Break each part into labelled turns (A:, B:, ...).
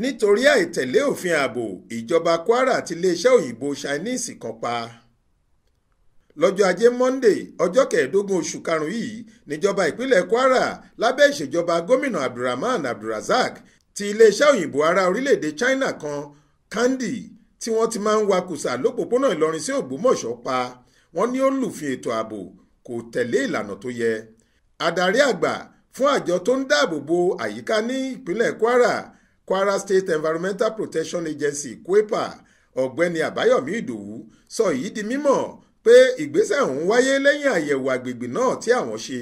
A: nítorí àìtẹ̀lé òfin ààbò ìjọba kwara ti iléeṣẹ́ òyìnbó chinese kan pa lọ́jọ́ ajé monday ọjọ́ kẹẹ̀ẹ́dógún oṣù karùn-ún yìí níjọba ìpínlẹ̀ kwara lábẹ́ ìṣèjọba gómìnà abdulrahman abdulrasaq ti iléeṣẹ́ òyìnbó ará orílẹ̀-èdè china kan kandi tí wọ́n ti máa ń wakùsà lópòpónà ìlọrin sí ògbómọ̀ṣọ́ pa wọ́n ní ó lùfin ètò ààbò kò tẹ̀lé ìlànà tó yẹ adarí àgbà fún àjọ tó ń dáàbò bo àyíká ní ìpínlẹ̀ kwara Kwara State Environmental Protection Agency Kwepa ọ̀gbẹ́ni Àbáyọ̀mí Ìdòwú sọ èyí di mímọ̀ pé ìgbésẹ̀ ọ̀hún wáyé lẹ́yìn àyẹ̀wò àgbègbè náà tí àwọn ṣe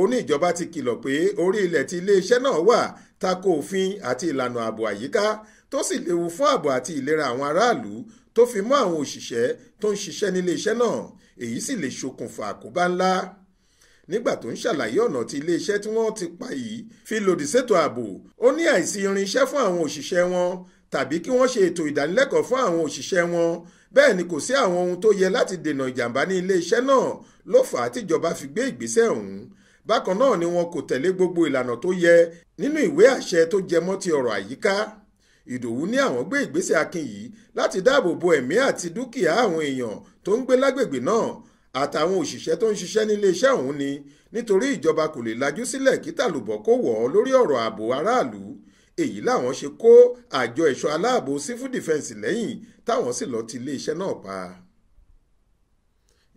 A: ó ní ìjọba ti kìlọ̀ pé orí ilẹ̀ tí iléeṣẹ́ náà wà tako òfin àti ìlànà ààbò àyíká tó sì léwu fún ààbò àti ìlera àwọn aráàlú tó fi mọ́ àwọn òṣìṣẹ́ tó ń ṣiṣẹ́ níléeṣẹ́ náà èyí sì lè ṣokùnfà àkóbá ńlá nígbà tó ń ṣàlàyé ọ̀nà tí iléeṣẹ́ tí wọ́n ti pa yìí fi lòdì sétò ààbò ó ní àìsí irinṣẹ́ fún àwọn òṣìṣẹ́ wọn tàbí kí wọ́n ṣe ètò ìdánilẹ́kọ̀ọ́ fún àwọn òṣìṣẹ́ wọn bẹ́ẹ̀ ni kò sí àwọn ohun tó yẹ láti dènà ìjàmbá ní iléeṣẹ́ náà ló fà á tíjọba fi gbé ìgbésẹ̀ ọ̀hún bákan náà ni wọn kò tẹ̀lé gbogbo ìlànà tó yẹ nínú ìwé àṣẹ tó jẹmọ́ ti ọ̀rọ̀ àyíká ìdòwú ní àwọn gbé ìgbésẹ̀ akin yìí láti dáàbò bo ẹ̀mí àti dúkìá àwọn èèyàn tó ń gbé lágbègbè náà àtàwọn òṣìṣẹ́ tó ń ṣiṣẹ́ ní iléeṣẹ́ ọ̀hún ni nítorí ìjọba kò lè lajú sílẹ̀ kí tàlùbọ̀ kó wọ̀ ọ́ lórí ọ̀rọ̀ ààbò aráàlú èyí làwọn ṣe kó àjọ ẹ̀ṣọ́ aláàbò civil defence lẹ́yìn táwọn sì lọ́ọ́ ti iléeṣẹ́ náà pa.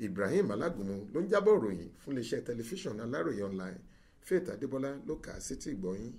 A: Ibrahim Alágúnmu ló ń jábọ̀ ròyìn fún iléeṣẹ́ tẹlifíṣàn Aláròye online Faith Adébọ́lá ló kà á sétí ìgbọ́yìn.